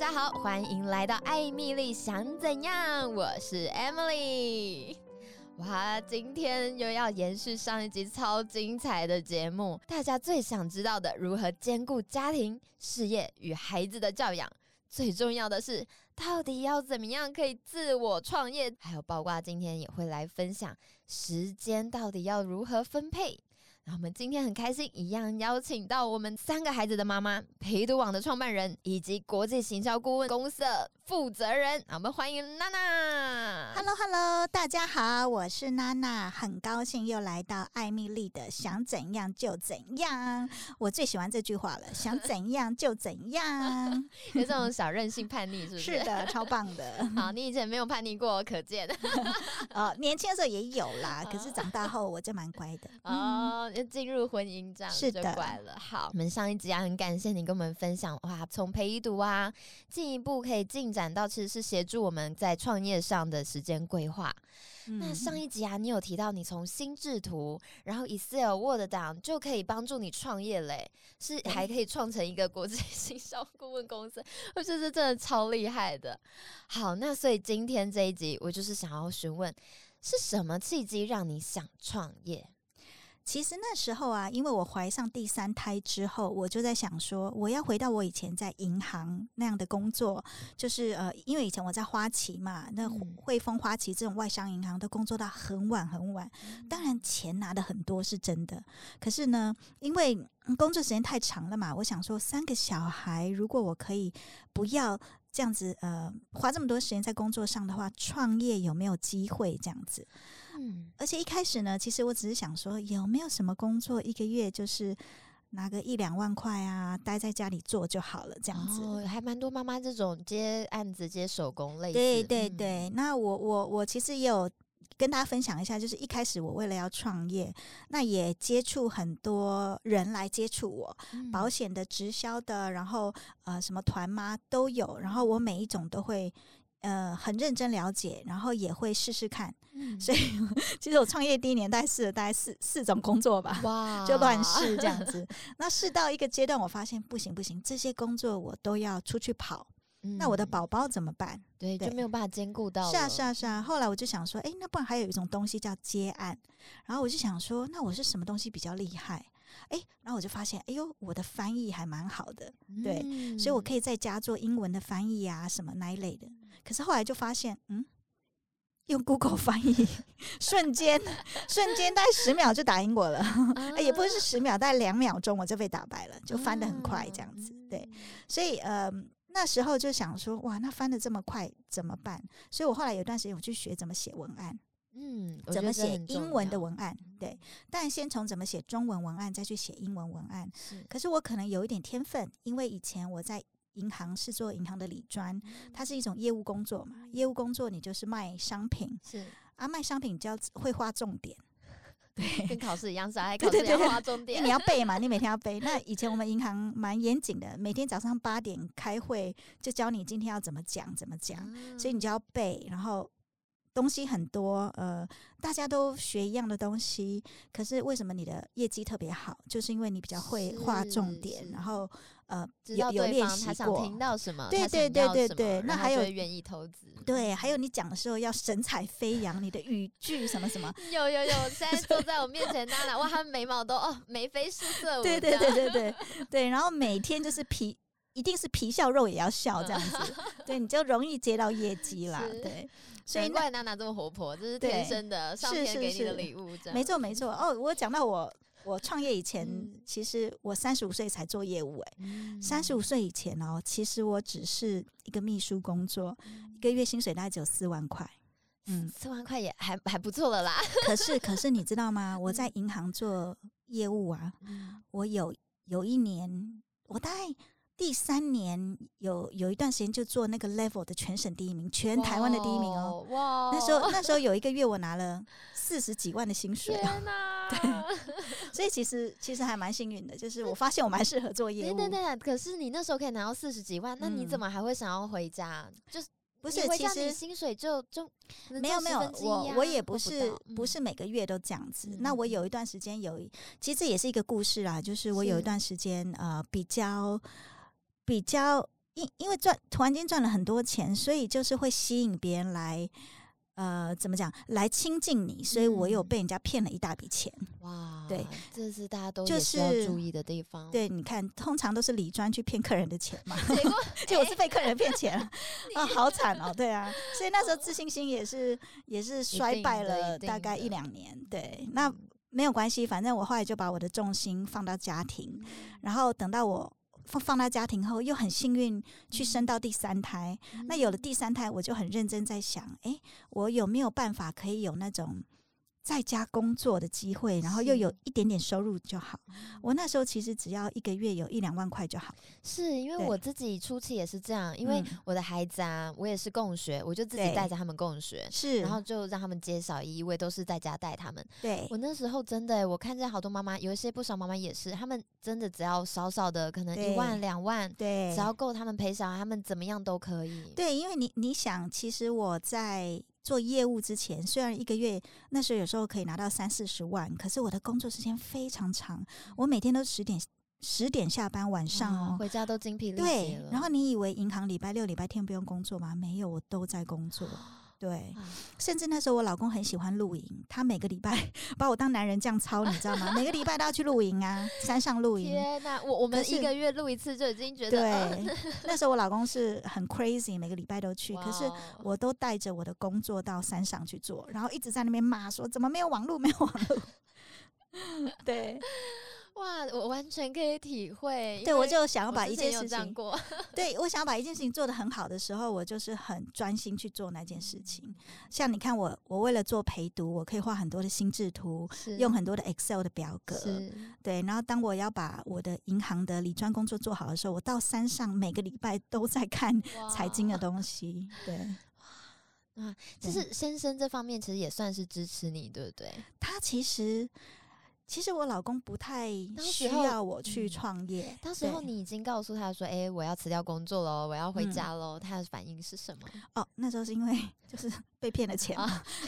大家好，歡迎來到艾米麗想怎樣？我是 Emily。哇，今天又要延續上一集超精彩的節目，大家最想知道的如何兼顧家庭、事業與孩子的教養，最重要的是，到底要怎麼樣可以自我創業？還有，包括今天也會來分享時間到底要如何分配。啊、我們今天很開心，一樣邀請到我們三個孩子的媽媽，陪讀網的創辦人，以及國際行銷顧問公司，負責人，我們歡迎娜娜。Hello Hello，大家好，我是娜娜，很高興又來到艾米麗的想怎樣就怎樣。我最喜歡這句話了，想怎樣就怎樣， 有這種小任性叛逆是不是？是的，超棒的。 好，你以前沒有叛逆過，可見，呃、 哦，年輕的時候也有啦。可是長大後我就蠻乖的。 哦，就進入婚姻這樣，是的。乖了。好，我們上一集也、啊、很感謝你跟我們分享哇，從陪讀啊，進一步可以進展。談到其實是協助我們在創業上的時間規劃。那上一集啊，你有提到你從心智圖，然後 Excel、Word down 就可以幫助你創業嘞，是還可以創成一個國際行銷顧問公司，我覺得真的超厲害的。好，那所以今天這一集，我就是想要詢問，是什麼契機讓你想創業？其實那時候啊，因為我懷上第三胎之後，我就在想說，我要回到我以前在銀行那樣的工作，就是呃，因為以前我在花旗嘛，那匯豐、花旗這種外商銀行都工作到很晚很晚。當然錢拿得很多是真的，可是呢，因為工作時間太長了嘛，我想說三個小孩，如果我可以不要。這樣子呃，花這麼多時間在工作上的話，創業有沒有機會？這樣子，嗯，而且一開始呢，其實我只是想說，有沒有什麼工作，一個月就是拿個一兩萬塊啊，待在家裡做就好了，這樣子。哦、還蠻多媽媽這種接案子、接手工類的，對對對。嗯、那我我我其實也有。跟大家分享一下，就是一開始我為了要創業，那也接觸很多人來接觸我，嗯、保險的、直銷的，然後呃什麼團媽都有，然後我每一種都會呃很認真了解，然後也會試試看、嗯。所以其實我創業第一年大概試了大概四四種工作吧，哇，就亂試這樣子。 那試到一個階段，我發現不行不行，這些工作我都要出去跑。嗯、那我的寶寶怎麼辦？對？對，就沒有辦法兼顧到。是啊，是啊，是啊。後來我就想說，哎、欸，那不然還有一種東西叫接案、嗯。然後我就想說，那我是什麼東西比較厲害？哎、欸，然後我就發現，哎呦，我的翻譯還蠻好的。對、嗯，所以我可以在家做英文的翻譯啊，什麼那一類的。可是後來就發現，嗯，用 Google 翻譯， 瞬間，瞬間大概十秒就打贏我了、啊欸。也不是十秒，大概兩秒鐘我就被打敗了，就翻得很快這樣子。啊、對，所以，嗯、呃。那時候就想說，哇，那翻得這麼快怎麼辦？所以我後來有段時間，我去學怎麼寫文案，嗯，怎麼寫英文的文案，對。但先從怎麼寫中文文案，再去寫英文文案。可是我可能有一點天分，因為以前我在銀行是做銀行的理專、嗯，它是一種業務工作嘛，業務工作你就是賣商品，是啊，賣商品你就要會畫重點。.對，跟考試一樣，是還考試要劃重點，你要背嘛，你每天要背。那以前我們銀行蠻嚴謹的，每天早上八點開會，就教你今天要怎麼講，怎麼講，所以你就要背，然後。東西很多，呃，大家都學一樣的東西，可是為什麼你的業績特別好？就是因為你比較會畫重點，然後呃，有練習過。聽到什麼對對對對，什麼對對對。那還有願意投資？對，還有你講的時候要神采飛揚，你的語句什麼什麼。 有有有！現在坐在我面前娜娜，哇，她眉毛都哦眉飛色舞。對對對對對。然後每天就是皮， 一定是皮笑肉也要笑這樣子。 對，你就容易接到業績啦。 對。所以難怪娜娜這麼活潑，這是天生的，上天給你的禮物，是是是。沒錯，沒錯。哦，我講到我，我創業以前，嗯、其實我三十五歲才做業務、欸。哎、嗯，三十五歲以前哦，其實我只是一個秘書工作，嗯、一個月薪水大概只有四萬塊。嗯，四萬塊也還還不錯了啦。 可是，可是你知道嗎？我在銀行做業務啊，嗯、我有有一年，我大概。第三年有有一段時間就做那個 level 的全省第一名，全台灣的第一名哦。哇、wow, wow！那時候那時候有一個月我拿了四十幾萬的薪水、哦 天啊。對，所以其實其實還蠻幸運的，就是我發現我蠻適合做業務對對對。可是你那時候可以拿到四十幾萬，那你怎麼還會想要回家？嗯、就是不是？其實薪水就就沒有沒有我我也不是不,不是每個月都這樣子。嗯、那我有一段時間有，其實這也是一個故事啦。就是我有一段時間呃比較。比較因因為賺，突然間賺了很多錢，所以就是會吸引別人來，呃，怎麼講來親近你、嗯，所以我有被人家騙了一大筆錢。哇，對，這是大家都就是要注意的地方、就是。對，你看，通常都是李專去騙客人的錢嘛，就、欸、 我是被客人騙錢 啊，啊，好慘哦。對啊，所以那時候自信心也是也是衰敗了大概一兩年，一定的，一定的。對，那沒有關係，反正我後來就把我的重心放到家庭，嗯、然後等到我。放放到家庭後，又很幸運去生到第三胎。那有了第三胎，我就很認真在想：哎，我有沒有辦法可以有那種在家工作的機會，然後又有一點點收入就好。我那時候其實只要一個月有一兩萬塊就好。是因為我自己初期也是這樣，因為我的孩子啊，我也是共學，我就自己帶着他們共學，是，然後就讓他們接小一,一位，都是在家帶他們。對，我那時候真的、欸，我看見好多媽媽，有一些不少媽媽也是，他們真的只要少少的，可能一萬兩萬，對，只要夠他們陪小孩，他們怎麼樣都可以。對，因為你你想，其實我在。做業務之前，雖然一個月那時候有時候可以拿到三四十萬，可是我的工作時間非常長，我每天都十點十點下班，晚上、喔啊、回家都精疲力盡。對，然後你以為銀行禮拜六、禮拜天不用工作嗎？沒有，我都在工作。啊對，甚至那時候我老公很喜歡露營，他每個禮拜把我當男人這樣操，你知道嗎？每個禮拜都要去露營啊， 山上露營。天哪，我我們一個月露一次就已經覺得。對，那時候我老公是很 crazy，每個禮拜都去， 可是我都帶着我的工作到山上去做，然後一直在那邊罵說：“怎麼沒有網絡？沒有網絡？” 對。哇，我完全可以體會。對，我就想要把一件事情，我之前有這樣過 對，我想要把一件事情做得很好的時候，我就是很專心去做那件事情。像你看我，我為了做陪讀，我可以畫很多的心智圖，用很多的 Excel 的表格。對，然後當我要把我的銀行的理專工作做好的時候，我到山上每個禮拜都在看財經的東西。對，啊，其實先生這方面其實也算是支持你，對不對？嗯、他其實。其實我老公不太需要我去創業。當時候，嗯，當時候你已經告訴他說：“哎，我要辭掉工作嘍，我要回家嘍。嗯”他的反應是什麼？哦，那時候是因為就是。 被騙的錢，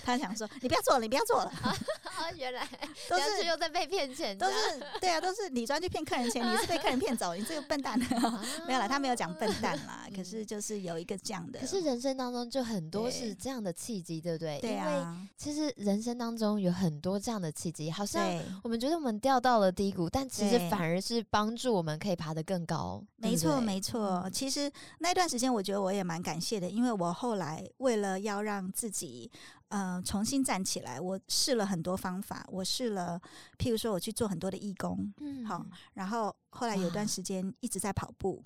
他想說：“你不要做了，你不要做了。啊啊”原來都是又在被騙錢，都是對啊，都是你專去騙客人錢，你是被客人騙走、啊，你這個笨蛋、喔啊。沒有啦，他沒有講笨蛋啦、嗯。可是就是有一個這樣的，可是人生當中就很多是這樣的契機，對不對？對啊，其實人生當中有很多這樣的契機，好像我們覺得我們掉到了低谷，但其實反而是幫助我們可以爬得更高。沒錯，沒錯。其實那段時間，我覺得我也蠻感謝的，因為我後來為了要讓。自己、呃，重新站起來。我試了很多方法，我試了，譬如說我去做很多的義工，嗯，好、哦。然後後來有段時間一直在跑步，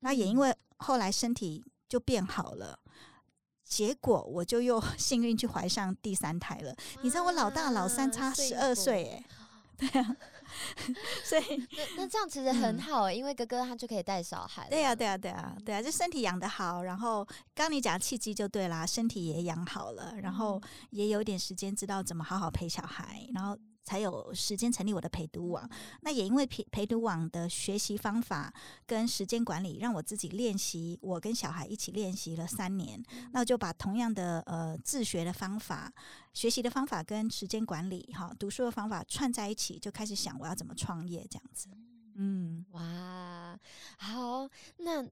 那也因為後來身體就變好了，嗯、結果我就又幸運去懷上第三胎了。你知道我老大老三差十二歲、欸，哎，對呀、啊。 所以，那那這樣其實很好、欸嗯，因為哥哥他就可以帶小孩。對呀、啊，對呀、啊，對呀、啊，對呀、啊啊，就身體養得好，然後剛你講契機就對啦，身體也養好了，然後也有點時間知道怎麼好好陪小孩，然後。才有時間成立我的陪讀網。那也因為陪陪讀網的學習方法跟時間管理，讓我自己練習，我跟小孩一起練習了三年。嗯、那我就把同樣的呃自學的方法、學習的方法跟時間管理、哈、哦、讀書的方法串在一起，就開始想我要怎麼創業這樣子。嗯，哇，好，那。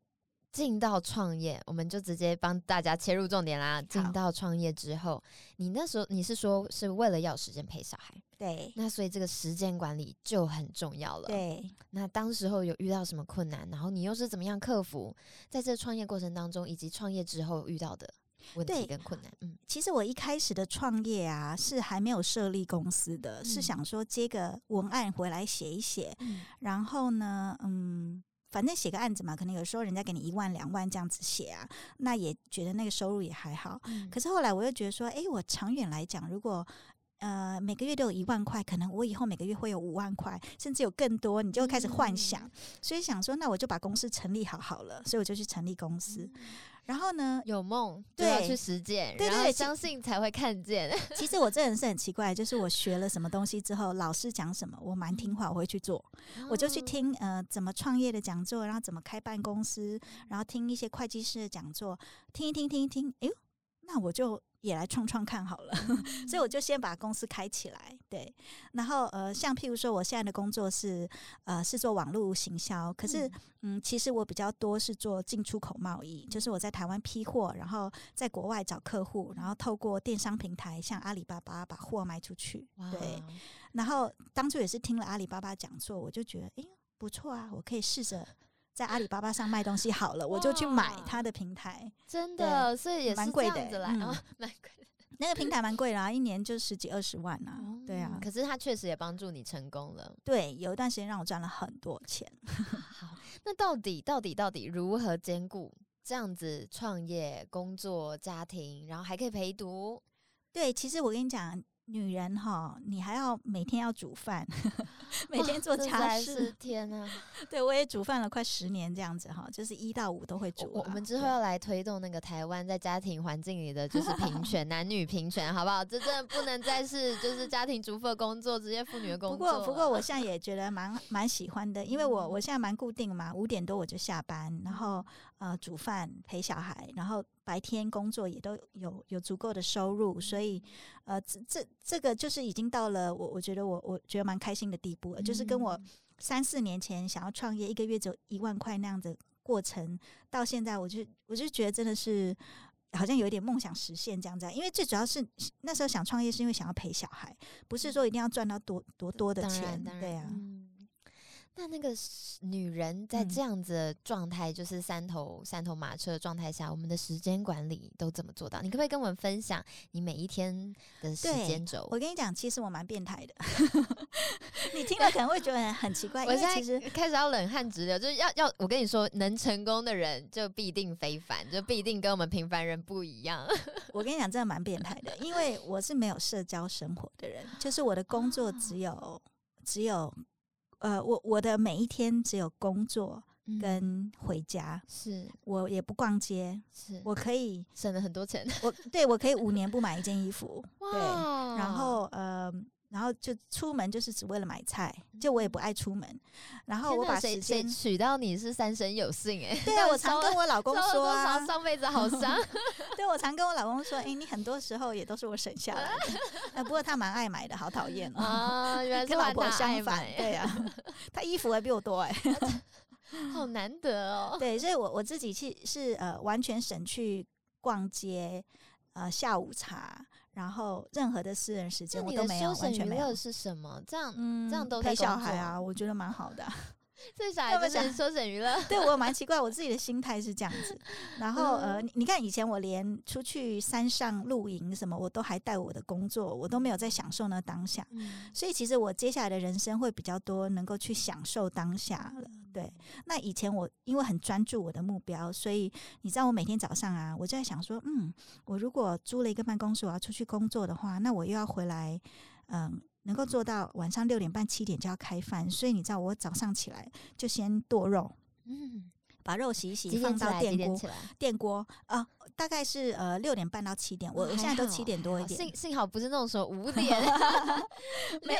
進到創業，我們就直接幫大家切入重點啦。進到創業之後，你那時候你是說是為了要時間陪小孩？對。那所以這個時間管理就很重要了。對。那當時候有遇到什麼困難？然後你又是怎麼樣克服？在這創業過程當中，以及創業之後遇到的問題跟困難？嗯，其實我一開始的創業啊，是還沒有設立公司的，嗯，是想說接個文案回來寫一寫。嗯。然後呢，嗯。反正寫個案子嘛，可能有時候人家給你一萬兩萬這樣子寫啊，那也覺得那個收入也還好。嗯、可是後來我又覺得說，哎，我長遠來講，如果……呃，每個月都有一萬塊，可能我以後每個月會有五萬塊，甚至有更多，你就會開始幻想、嗯。所以想說，那我就把公司成立好好了，所以我就去成立公司。嗯、然後呢，有夢，對，要去實踐，對，對，對，相信才會看見。其實我這人是很奇怪，就是我學了什麼東西之後， 老師講什麼，我蠻聽話，我會去做。嗯、我就去聽呃，怎麼創業的講座，然後怎麼開辦公司，然後聽一些會計師的講座，聽一聽，聽一聽，哎呦。那我就也來創創看好了、嗯， 所以我就先把公司開起來。對，然後呃，像譬如說，我現在的工作是呃是做網絡行銷，可是嗯，嗯，其實我比較多是做進出口貿易，就是我在台灣批貨，然後在國外找客戶，然後透過電商平台像阿里巴巴把貨賣出去。對，然後當初也是聽了阿里巴巴講座，我就覺得哎、欸、不錯啊，我可以試着。在阿里巴巴上賣東西好了，我就去買他的平台，真的，所以也是蠻貴的，欸這樣子來，嗯，蠻、哦、貴的。那個平台蠻貴啦， 一年就十幾二十萬吶，啊，對啊。可是它確實也幫助你成功了，對，有一段時間讓我賺了很多錢。 好，那到底到底到底如何兼顧這樣子創業、工作、家庭，然後還可以陪讀？對，其實我跟你講。女人哈，你還要每天要煮飯，每天做家事。十、哦、天啊，對我也煮飯了快十年這樣子哈，就是一到五都會煮、啊我。我們之後要來推動那個台灣在家庭環境裡的就是平權， 男女平權，好不好？這真的不能再是就是家庭主婦的工作， 職業婦女的工作。不過不過，我現在也覺得蠻蠻喜歡的，因為我我現在蠻固定嘛，五點多我就下班，然後呃煮飯陪小孩，然後。白天工作也都有有足夠的收入，所以，呃，這這這個就是已經到了我我覺得我我覺得蠻開心的地步了，嗯。就是跟我三四年前想要創業，一個月只有一萬塊那樣子的過程，到現在我就我就覺得真的是好像有一點夢想實現這樣子。因為最主要是那時候想創業是因為想要陪小孩，不是說一定要賺到多多多的錢，對啊。那那個女人在這樣子的狀態、嗯，就是三頭三頭馬車的狀態下，我們的時間管理都怎麼做到？你可不可以跟我們分享你每一天的時間軸？我跟你講，其實我蠻變態的， 你聽了可能會覺得很奇怪。我現在其實開始要冷汗直流，就是要要我跟你說，能成功的人就必定非凡，就必定跟我們平凡人不一樣。 我跟你講，真的蠻變態的，因為我是沒有社交生活的人，就是我的工作只有、哦、只有。呃，我我的每一天只有工作跟回家，嗯、是我也不逛街，是我可以省了很多錢我。我對我可以五年不買一件衣服，哇，對，然後呃。然後就出門，就是只為了買菜。就我也不愛出門，然後我把時間娶到你是三生有幸哎、欸。對啊，我常跟我老公說、啊，上輩子好傷？ 對，我常跟我老公說，哎、 欸，你很多時候也都是我省下來的。 啊、不過他蠻愛買的，好討厭啊、哦！哦、原來是跟老婆相反，對呀、啊，他衣服還比我多哎， 好難得哦。對，所以我我自己去是呃完全省去逛街，呃下午茶。然後，任何的私人時間我都沒有，完全沒有是什麼這樣、嗯，這樣都在工作陪小孩啊。我覺得蠻好的，至少不能說“省娛樂” 對。對我蠻奇怪，我自己的心態是這樣子。 然後、嗯，呃，你看以前我連出去山上露營什麼，我都還帶我的工作，我都沒有在享受那當下。嗯、所以，其實我接下來的人生會比較多能夠去享受當下了。嗯對，那以前我因為很專注我的目標，所以你知道我每天早上啊，我就在想說，嗯，我如果租了一個辦公室，我要出去工作的話，那我又要回來，嗯，能夠做到晚上六點半七點就要開飯，所以你知道我早上起來就先剁肉，嗯，把肉洗一洗放到電鍋，電鍋啊。哦大概是呃六點半到七點，我現在都七點多一點，嗯、幸幸好不是那種說五點 沒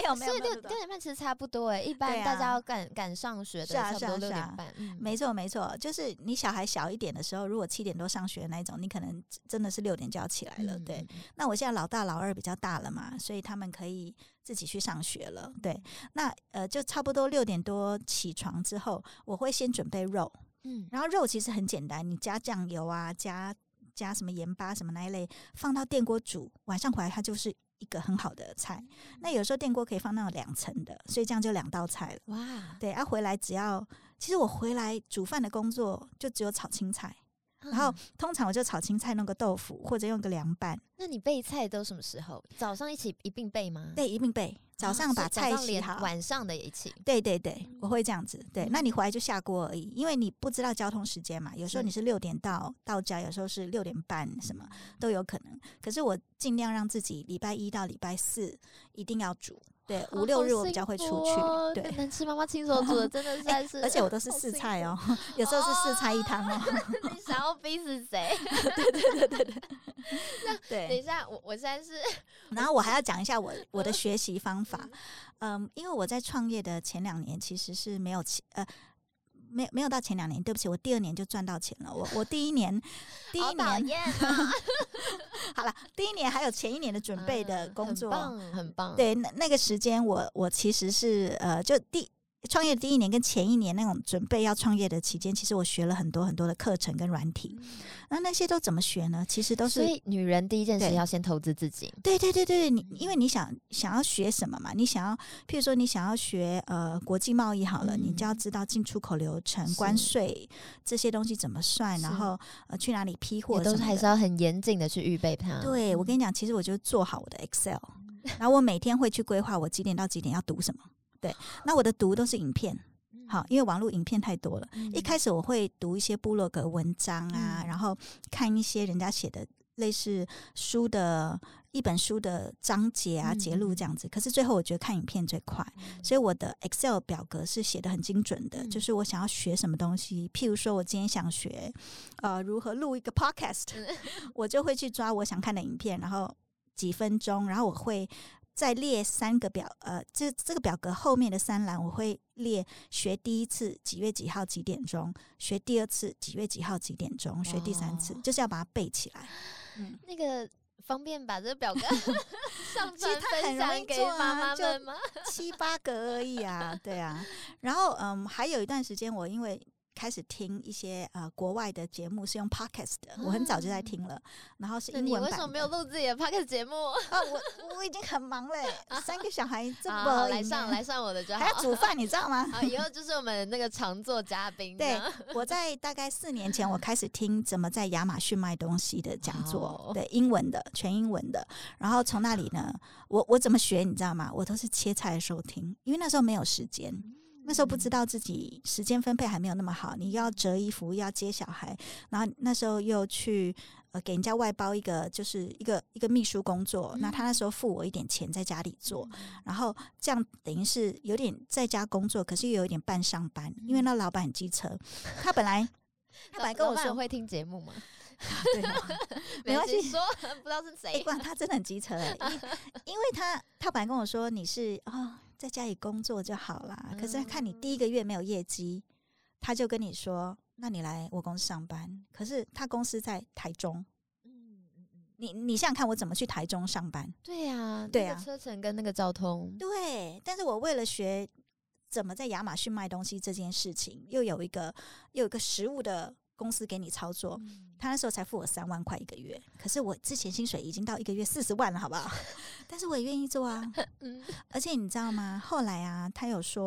有 6,，沒有沒有，所以六六點半其實差不多哎、欸，一般、啊、大家要趕趕上學的。是啊是啊是啊，是啊嗯、沒錯沒錯，就是你小孩小一點的時候，如果七點多上學那一種，你可能真的是六點就要起來了。嗯、對、嗯，那我現在老大老二比較大了嘛，所以他們可以自己去上學了。嗯、對，那呃就差不多六點多起床之後，我會先準備肉，嗯，然後肉其實很簡單，你加醬油啊加。加什麼鹽巴什麼那一類，放到電鍋煮，晚上回來它就是一個很好的菜。嗯，那有時候電鍋可以放到兩層的，所以這樣就兩道菜了。哇，對啊，回來只要，其實我回來煮飯的工作就只有炒青菜。然後通常我就炒青菜弄個豆腐，或者用個涼拌。那你備菜都什麼時候？早上一起一併備嗎？對，一併備。早上把菜洗、啊、好，上晚上的也一起。對對對，我會這樣子。對、嗯，那你回來就下鍋而已，因為你不知道交通時間嘛。有時候你是六點到到家，有時候是六點半，什麼都有可能。可是我儘量讓自己禮拜一到禮拜四一定要煮。對，五六日我比較會出去。啊哦、對，能吃媽媽親手煮的， 真的算是、欸。而且我都是四菜哦、喔， 有時候是四菜一湯、喔、哦。你想要逼死誰？對對對對對,對那。那等一下，我我現在是。然後我還要講一下我我的學習方法嗯。嗯，因為我在創業的前兩年其實是沒有呃。沒有沒有到前兩年，對不起，我第二年就賺到錢了。我我第一年， 第一年好啦、啊， 第一年還有前一年的準備的工作，嗯、很棒，很棒。對，那那個時間我，我我其實是呃，就第。創業第一年跟前一年那種準備要創業的期間，其實我學了很多很多的課程跟軟體，那、嗯啊、那些都怎麼學呢？其實都是。所以女人第一件事要先投資自己。對對對對，你因為你想想要學什麼嘛？你想要，譬如說你想要學呃國際貿易好了、嗯，你就要知道進出口流程、關稅這些東西怎麼算，然後呃去哪裡批貨，都是還是要很嚴謹的去預備它。對，我跟你講，其實我就做好我的 Excel，、嗯、然後我每天會去規劃我幾點到幾點要讀什麼。對，那我的讀都是影片。好，因為網絡影片太多了，嗯。一開始我會讀一些部落格文章啊，嗯，然後看一些人家寫的類似書的一本書的章節啊，嗯、節錄這樣子。可是最後我覺得看影片最快，嗯，所以我的 Excel 表格是寫得很精準的，嗯，就是我想要學什麼東西，譬如說我今天想學呃如何錄一個 Podcast， 我就會去抓我想看的影片，然後幾分鐘，然後我會。再列三個表，呃，這這個表格後面的三欄我會列學第一次幾月幾號幾點鐘，學第二次幾月幾號幾點鐘，學第三次，就是要把它背起來。嗯嗯、那個方便把這個表格 上傳分享其實它很容易做啊，給媽媽們嗎？就七八個而已啊，對啊。然後嗯，還有一段時間我因為。開始聽一些呃國外的節目是用 podcast 的，啊，我很早就在聽了，然後是英文版。你為什麼沒有錄自己的 podcast 節目啊？我我已經很忙嘞，欸， 三個小孩這麼 好好來上來上我的，還要煮飯，你知道嗎？ 好，以後就是我們的那個常做嘉賓。對，我在大概四年前，我開始聽怎麼在亞馬遜賣東西的講座，對 英文的，全英文的。然後從那裡呢，我我怎麼學？你知道嗎？我都是切菜的時候聽，因為那時候沒有時間。嗯那時候不知道自己時間分配還沒有那麼好，你又要折衣服，又要接小孩，然後那時候又去呃給人家外包一個，就是一個一個秘書工作、嗯。那他那時候付我一點錢在家裡做，嗯、然後這樣等於是有點在家工作，可是又有點半上班，嗯、因為那老闆很機車，他本來他本來跟我說會聽節目嗎， 對嗎？沒關係，說不知道是誰、啊欸，他真的很機車、啊因，因為他他本來跟我說你是啊。哦在家裡工作就好了，可是看你第一個月沒有業績，他就跟你說：“那你來我公司上班。”可是他公司在台中，嗯，你你想想看，我怎麼去台中上班？對呀，對呀，那個車程跟那個交通。對，但是我為了學怎麼在亞馬遜賣東西這件事情，又有一個又有一個實物的。公司給你操作，嗯，他那時候才付我三萬塊一個月，可是我之前薪水已經到一個月四十萬了，好不好？ 但是我也願意做啊，嗯。而且你知道嗎？後來啊，他有說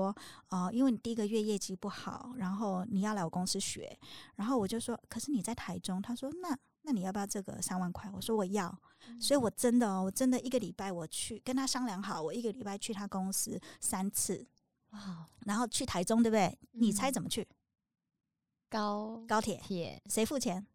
哦，呃，因為你第一個月業績不好，然後你要來我公司學，然後我就說，可是你在台中。他說那那你要不要這個三萬塊？我說我要，嗯。所以我真的哦，我真的一個禮拜，我去跟他商量好，我一個禮拜去他公司三次，哇！然後去台中，對不對？你猜怎麼去？嗯高高鐵誰付錢？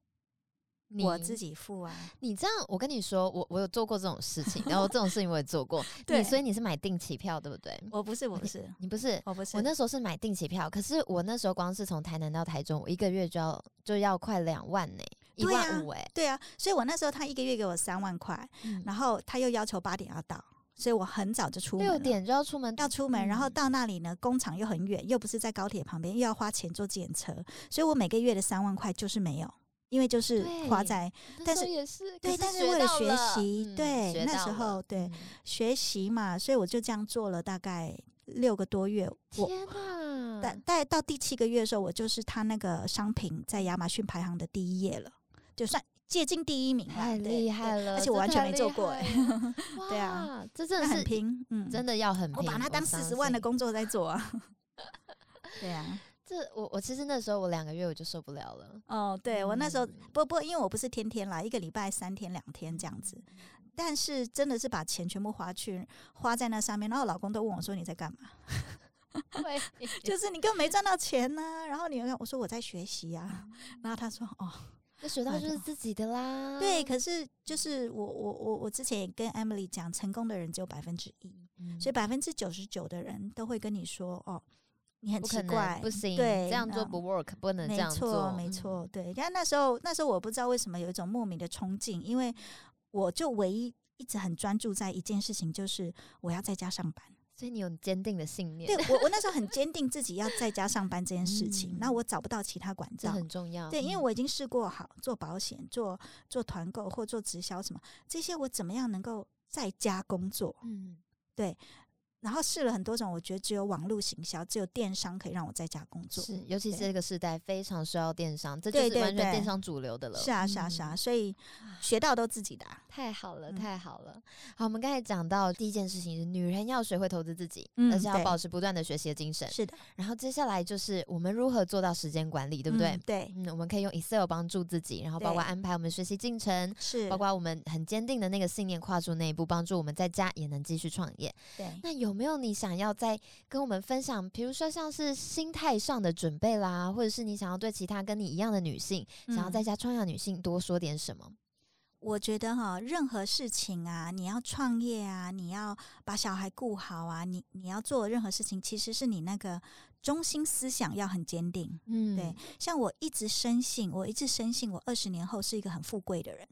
我自己付啊。你這樣，我跟你說，我我有做過這種事情，然後這種事情我也做過。 對，所以你是買定期票對不對？我不是，我不是，你不是，我不是。我那時候是買定期票，可是我那時候光是從台南到台中，我一個月就要就要快兩萬呢，一萬五哎、啊，對啊，所以我那時候他一個月給我三萬塊、嗯，然後他又要求八點要到。所以我很早就出門，六點就要出門，要出門，然後到那裡呢？工廠又很遠，又不是在高鐵旁邊，又要花錢做檢測，所以我每個月的三萬塊就是沒有，因為就是花在，但是也是對，但是為、就是、了是學習、嗯，對，那時候對、嗯、學習嘛，所以我就這樣做了大概六個多月。我天啊，但但到第七個月的時候，我就是他那個商品在亞馬遜排行的第一頁了，就算。嗯接近第一名，太厲害了，而且我完全沒做過、欸呵呵。對啊，這真的是很拼，嗯，真的要很拼。我把它當四十萬的工作在做啊。 對啊，這我我其實那時候我兩個月我就受不了了。哦，對我那時候、嗯、不不，不，因為我不是天天來，一個禮拜三天兩天這樣子、嗯，但是真的是把錢全部花去花在那上面，然後老公都問我說你在幹嘛 就是你根本沒賺到錢呢、啊。然後你我說我在學習呀、啊嗯，然後他說哦。學到就是自己的啦。Right. 對，可是就是我我我我之前也跟 Emily 講，成功的人只有百分之一，所以百分之九十九的人都會跟你說，哦，你很奇怪，不，不行，對，這樣做不 work，嗯，不能這樣做，沒錯，沒錯，對。因為那時候那時候我不知道為什麼有一種莫名的衝勁，因為我就唯一一直很專注在一件事情，就是我要在家上班。所以你有堅定的信念。對，我我那時候很堅定自己要在家上班這件事情。那、 嗯、我找不到其他管道，這很重要、嗯。對，因為我已經試過好，好做保險、做做團購或做直銷什麼這些，我怎麼樣能夠在家工作？嗯，對。然後試了很多種，我覺得只有網絡行銷，只有電商可以讓我在家工作。是，尤其是這個時代非常需要電商，這就是完全電商主流的了。對對對，是啊，是啊，是啊。嗯、所以學到都自己的、啊。太好了，太好了。嗯、好，我們剛才講到第一件事情是女人要學會投資自己、嗯，而且要保持不斷的學習的精神。是的。然後接下來就是我們如何做到時間管理，對不對、嗯？對。嗯，我們可以用 Excel 幫助自己，然後包括安排我們學習進程，是包括我們很堅定的那個信念，跨出那一步，幫助我們在家也能繼續創業。對。那有。有沒有你想要再跟我們分享，比如說像是心態上的準備啦，或者是你想要對其他跟你一樣的女性，嗯、想要在家創業的女性多說點什麼？我覺得哈，任何事情啊，你要創業啊，你要把小孩顧好啊，你你要做任何事情，其實是你那個中心思想要很堅定。嗯，對，像我一直深信，我一直深信，我二十年後是一個很富貴的人。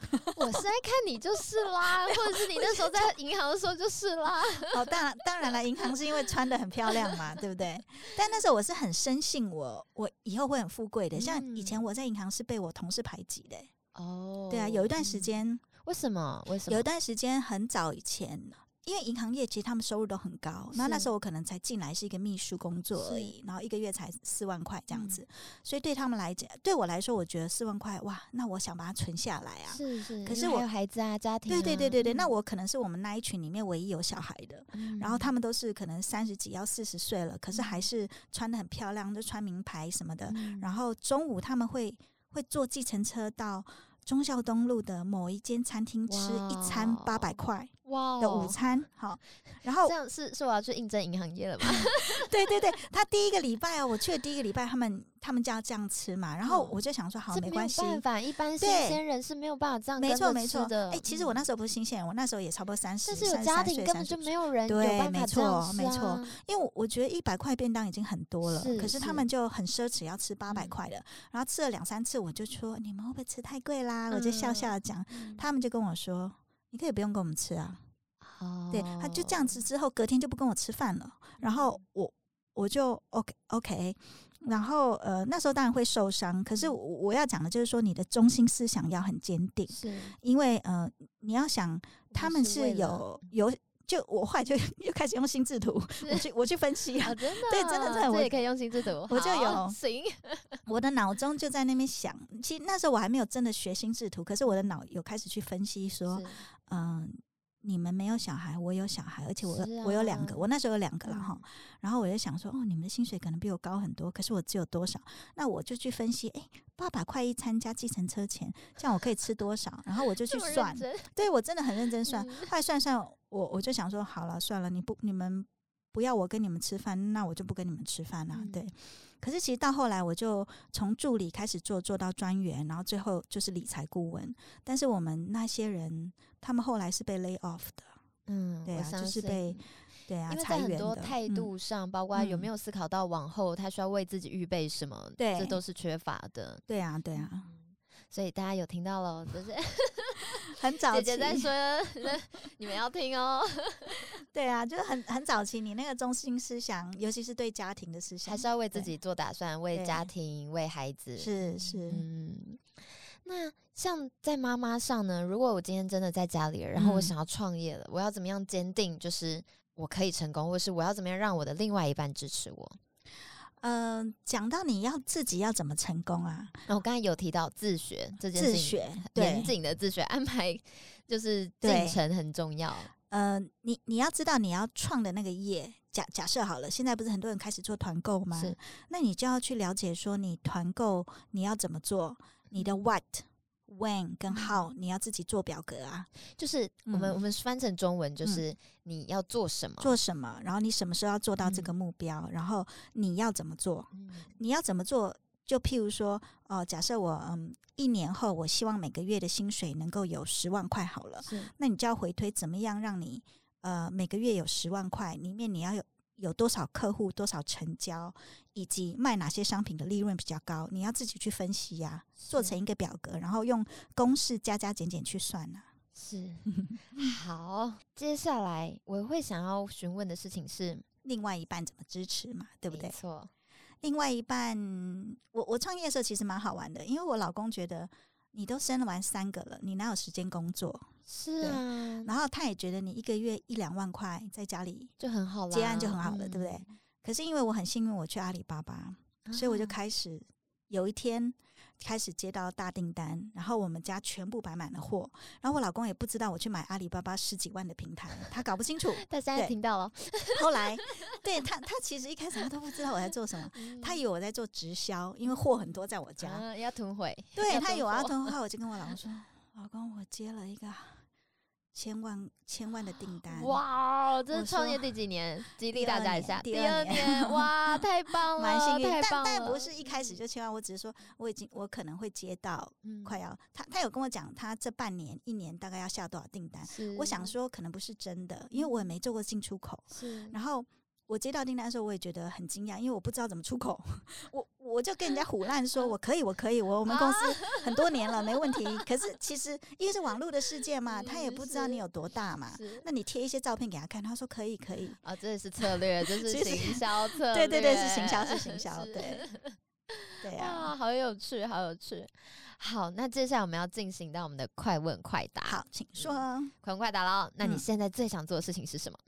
我是在看你就是啦， 或者是你那時候在銀行的時候就是啦。 哦，當然當然了，銀行是因為穿得很漂亮嘛， 對不對？但那時候我是很深信我我以後會很富貴的、嗯，像以前我在銀行是被我同事排擠的、欸。哦，對啊，有一段時間、嗯，為什麼？為什麼？有一段時間很早以前。因為銀行業其實他們收入都很高，那那時候我可能才進來是一個秘書工作而已，然後一個月才四萬塊這樣子，嗯、所以對他們來講，對我來說，我覺得四萬塊哇，那我想把它存下來啊。是是，可是我有孩子啊，家庭、啊。對對對對對、嗯，那我可能是我們那一群裡面唯一有小孩的、嗯，然後他們都是可能三十幾要四十歲了，可是還是穿得很漂亮，就穿名牌什麼的。嗯、然後中午他們會會坐計程車到忠孝東路的某一間餐廳吃一餐八百塊。Wow, 的午餐好。然後這樣是是我要去應徵銀行業了嗎？ 對對對，他第一個禮拜哦，我去的第一個禮拜，他們他們就要這樣吃嘛，然後我就想說，好、嗯、沒關係沒，一般新鮮人是沒有辦法這樣，沒錯沒錯的。哎，其實我那時候不是新鮮人，我那時候也差不多三十，三十歲，根本就沒有人有辦、啊、對辦沒錯沒錯，因為我，我覺得一百塊便當已經很多了，是，可是他們就很奢侈，要吃八百塊的、嗯，然後吃了兩三次，我就說你們會不會吃太貴啦？嗯、我就笑笑的講、嗯，他們就跟我說。你可以不用跟我們吃啊，oh，對，他就這樣子之後，隔天就不跟我吃飯了。然後我我就 OK OK，然後呃，那時候當然會受傷，可是我要講的就是說，你的中心思想要很堅定，是，因為呃，你要想他們是有有。就我後來，就又開始用心智圖，我去，我去分析啊，啊真的，對，真的對，我也可以用心智圖，我就有，行，我的腦中就在那邊想，其實那時候我還沒有真的學心智圖，可是我的腦有開始去分析說，嗯。呃你們沒有小孩，我有小孩，而且我、啊、我有兩個，我那時候有兩個了哈。然後我就想說，哦，你們的薪水可能比我高很多，可是我只有多少？那我就去分析，誒、欸，八百塊一餐加計程車錢，這樣我可以吃多少？然後我就去算，對，我真的很認真算，快算算我，我就想說，好了，算了，你不你們不要我跟你們吃飯，那我就不跟你們吃飯了、啊，對。可是其實到後來，我就從助理開始做，做到專員，然後最後就是理財顧問。但是我們那些人，他們後來是被 lay off 的。嗯，對啊，就是被對啊，因為在很多態度上、嗯，包括有沒有思考到往後他需要為自己預備什麼、嗯對，這都是缺乏的。對啊，對啊，所以大家有聽到了就是 很早姐姐在說， 你們要聽哦、喔。對啊，就是很很早期，你那個中心思想，尤其是對家庭的思想，還是要為自己做打算，啊、為家庭、啊，為孩子。是是。嗯，那像在媽媽上呢？如果我今天真的在家裡，然後我想要創業了，嗯、我要怎麼樣堅定？就是我可以成功，或是我要怎麼樣讓我的另外一半支持我？嗯、呃，講到你要自己要怎麼成功啊？那我剛才有提到自學這件事情，嚴謹的自學安排，就是進程很重要。呃，你你要知道你要創的那個業，假假設好了，現在不是很多人開始做團購嗎？是，那你就要去了解說，你團購你要怎麼做？你的 What、When 跟 How 你要自己做表格啊？就是我們、嗯、我們翻成中文，就是你要做什麼、嗯，做什麼，然後你什麼時候要做到這個目標，嗯、然後你要怎麼做？嗯、你要怎麼做？就譬如說，哦、呃，假設我嗯，一年後我希望每個月的薪水能夠有十萬塊好了，是。那你就要回推怎麼樣讓你呃每個月有十萬塊，裡面你要有有多少客戶、多少成交，以及賣哪些商品的利潤比較高，你要自己去分析呀、啊，做成一個表格，然後用公式加加減減去算了、啊。是。 好，接下來我會想要詢問的事情是，另外一半怎麼支持嘛？對不對？沒錯。另外一半，我我創業的時候其實蠻好玩的，因為我老公覺得你都生了完三個了，你哪有時間工作？是啊，然後他也覺得你一個月一兩萬塊在家裡就很好了，接案就很好了，對不、嗯、對？可是因為我很幸運，我去阿里巴巴，嗯、所以我就開始有一天。開始接到大訂單，然後我們家全部擺滿了貨，然後我老公也不知道我去買阿里巴巴十幾萬的平台，他搞不清楚， 他現在聽到了。 後來，對他，他其實一開始他都不知道我在做什麼， 他以為我在做直銷，因為貨很多在我家，啊、要囤貨。對他有要囤貨，我就跟我老公說：“ 老公，我接了一個。”千萬千萬的訂單！哇，這是創業的第幾年？激勵大家一下，第二年，第二年 哇，太棒了，蠻幸運，太棒了。但但不是一開始就千萬，我只是說我已經我可能會接到，快要、嗯、他他有跟我講，他這半年一年大概要下多少訂單？我想說可能不是真的，因為我也沒做過進出口。是，然後。我接到訂單的時候，我也覺得很驚訝，因為我不知道怎麼出口，我我就跟人家胡亂說，我可以，我可以，我我們公司很多年了，沒問題。可是其實因為是網絡的世界嘛，他也不知道你有多大嘛，那你貼一些照片給他看，他說可以，可以啊，這是策略，這是行銷策略，略。對對對，是行銷，是行銷，對，對啊，啊，好有趣，好有趣。好，那接下來我們要進行到我們的快問快答，好，請說快問快答嘍。那你現在最想做的事情是什麼？嗯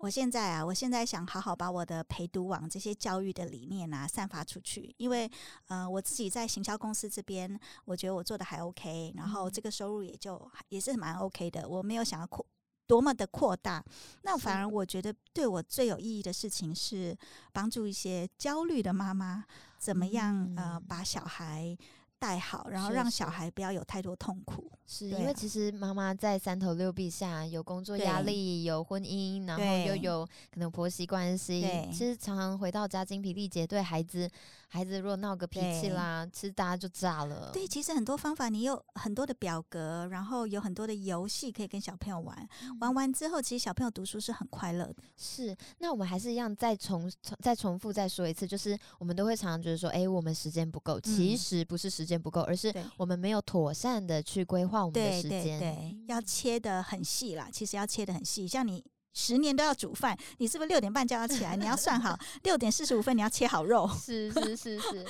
我現在啊，我現在想好好把我的陪讀網這些教育的理念啊散發出去，因為呃，我自己在行銷公司這邊，我覺得我做得還 OK，然後這個收入也就也是蠻 OK 的，我沒有想要擴多麼的擴大，那反而我覺得對我最有意義的事情是幫助一些焦慮的媽媽怎麼樣、嗯、呃，把小孩。帶好，然後讓小孩不要有太多痛苦。是、是、啊、因為其實媽媽在三頭六臂下有工作壓力，有婚姻，然後又有可能婆媳關係。其實常常回到家精疲力竭，對孩子，孩子若鬧個脾氣啦，其實大家就炸了。對，其實很多方法，你有很多的表格，然後有很多的遊戲可以跟小朋友玩。嗯、玩完之後，其實小朋友讀書是很快樂的。是，那我們還是一樣再重再重複再說一次，就是我們都會常常覺得說，哎，我們時間不夠。其實不是時間、嗯。時間不夠，而是我們沒有妥善的去規劃我們的時間，對，要切得很細啦。其實要切得很細，像你十年都要煮飯，你是不是六點半就要起來？ 你要算好，六 點四十五分你要切好肉。是是是是，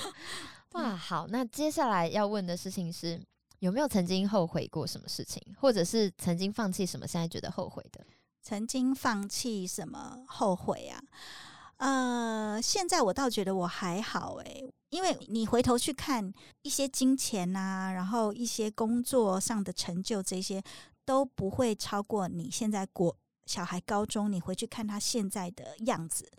哇，好，那接下來要問的事情是有沒有曾經後悔過什麼事情，或者是曾經放棄什麼，現在覺得後悔的？曾經放棄什麼後悔啊？呃，現在我倒覺得我還好、欸，哎。因為你回頭去看一些金錢啊，然後一些工作上的成就，這些都不會超過你現在國小孩高中。你回去看他現在的樣子，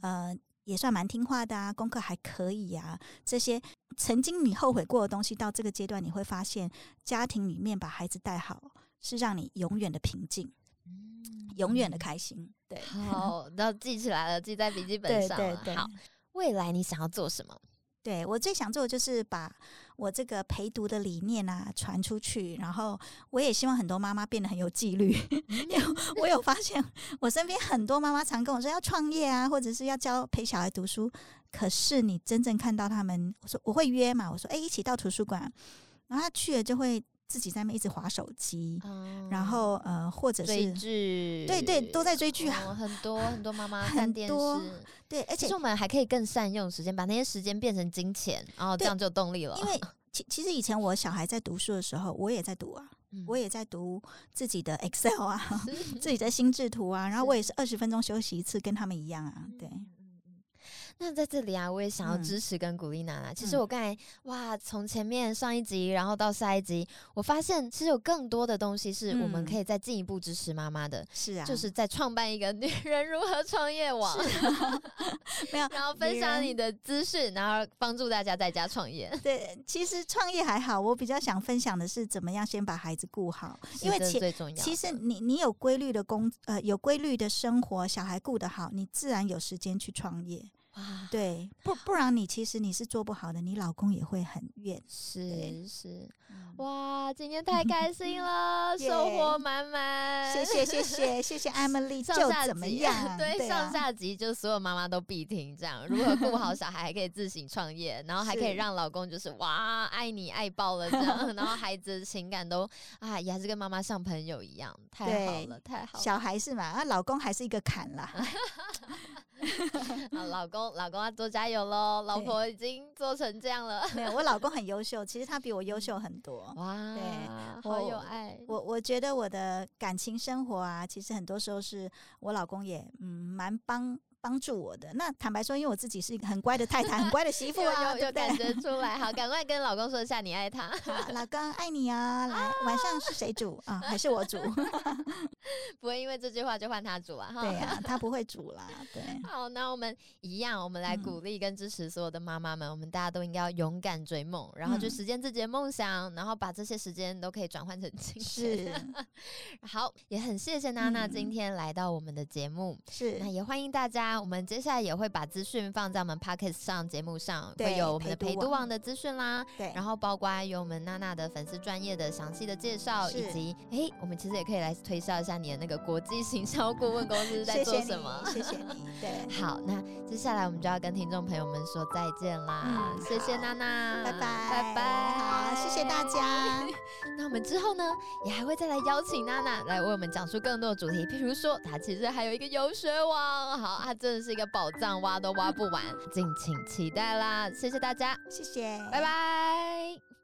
呃，也算蠻聽話的啊，功課還可以啊。這些曾經你後悔過的東西，到這個階段你會發現，家庭裡面把孩子帶好，是讓你永遠的平靜、嗯，永遠的開心。對，好，那記起來了，記在筆記本上了。對，對，對。好，未來你想要做什麼？對，我最想做的就是把我這個陪讀的理念啊傳出去，然後我也希望很多媽媽變得很有紀律。有我有發現，我身邊很多媽媽常跟我說要創業啊，或者是要教陪小孩讀書。可是你真正看到他們，我說我會約嘛，我說哎，一起到圖書館，然後他去了就會。自己在那一直滑手機，嗯，然後呃，或者是追劇，對對，都在追劇。哦，很多很多媽媽看電視，很多對，而且其實我們還可以更善用時間，把那些時間變成金錢，然後這樣就有動力了。因為其其實以前我小孩在讀書的時候，我也在讀啊，嗯，我也在讀自己的 Excel 啊， 自己的心智圖啊，然後我也是二十分鐘休息一次，跟他們一樣啊，對。那在這裡啊，我也想要支持跟鼓勵娜娜。其實我剛才哇，從前面上一集，然後到下一集，我發現其實有更多的東西是我們可以再進一步支持媽媽的。是、嗯、啊，就是在創辦一個女人如何創業網，啊、 沒有， 然後分享你的知識，然後幫助大家在家創業。對，其實創業還好，我比較想分享的是怎麼樣先把孩子顧好、欸，因為其，最重要其實你你有規律的工呃有規律的生活，小孩顧得好，你自然有時間去創業。對，不不然你其實你是做不好的，你老公也會很怨。是是，哇，今天太開心了，收 獲、yeah, 滿滿。謝謝謝謝謝謝 Emily 就怎麼樣對，對、啊、上下集就所有媽媽都必聽，這樣如何顧好小孩還可以自行創業， 然後還可以讓老公就是哇愛你愛爆了這樣， 然後孩子情感都哎、啊、也還是跟媽媽像朋友一樣，太好了太好了，了小孩是嘛，啊老公還是一個坎啦。 老公，老公要多加油嘍！老婆已經做成這樣了。沒有，我老公很優秀，其實他比我優秀很多。哇，對，好有愛！我我覺得我的感情生活啊，其實很多時候是我老公也嗯蠻幫。幫助我的。那坦白說，因為我自己是一個很乖的太太，很乖的媳婦啊，有 感覺出來。 好，趕快跟老公說一下，你愛他， 老公愛你哦、啊。來哦，晚上是誰煮啊、嗯？還是我煮？ 不會因為這句話就換他煮啊？對呀、啊，他不會煮啦。對， 好，那我們一樣，我們來鼓勵跟支持所有的媽媽們、嗯，我們大家都應該要勇敢追夢，然後就實現自己的夢想、嗯，然後把這些時間都可以轉換成金錢。是 好，也很謝謝娜娜今天來到我們的節目，嗯、是，那也歡迎大家。那我們接下來也會把資訊放在我們 podcast 上節目上，會有我們的陪讀網的資訊啦，對，然後包括有我們娜娜的粉絲專業的詳細的介紹，以及哎、欸，我們其實也可以來推銷一下你的那個國際行銷顧問公司在做什麼。謝謝，謝謝你。對，好，那接下來我們就要跟聽眾朋友們說再見啦，嗯、謝謝娜娜，拜拜拜拜，好，謝謝大家。 那我們之後呢，也還會再來邀請娜娜來為我們講述更多的主題，譬如說，她其實還有一個游學網，好啊。真的是一個寶藏，挖都挖不完，敬請期待啦！謝謝大家，謝謝，拜拜。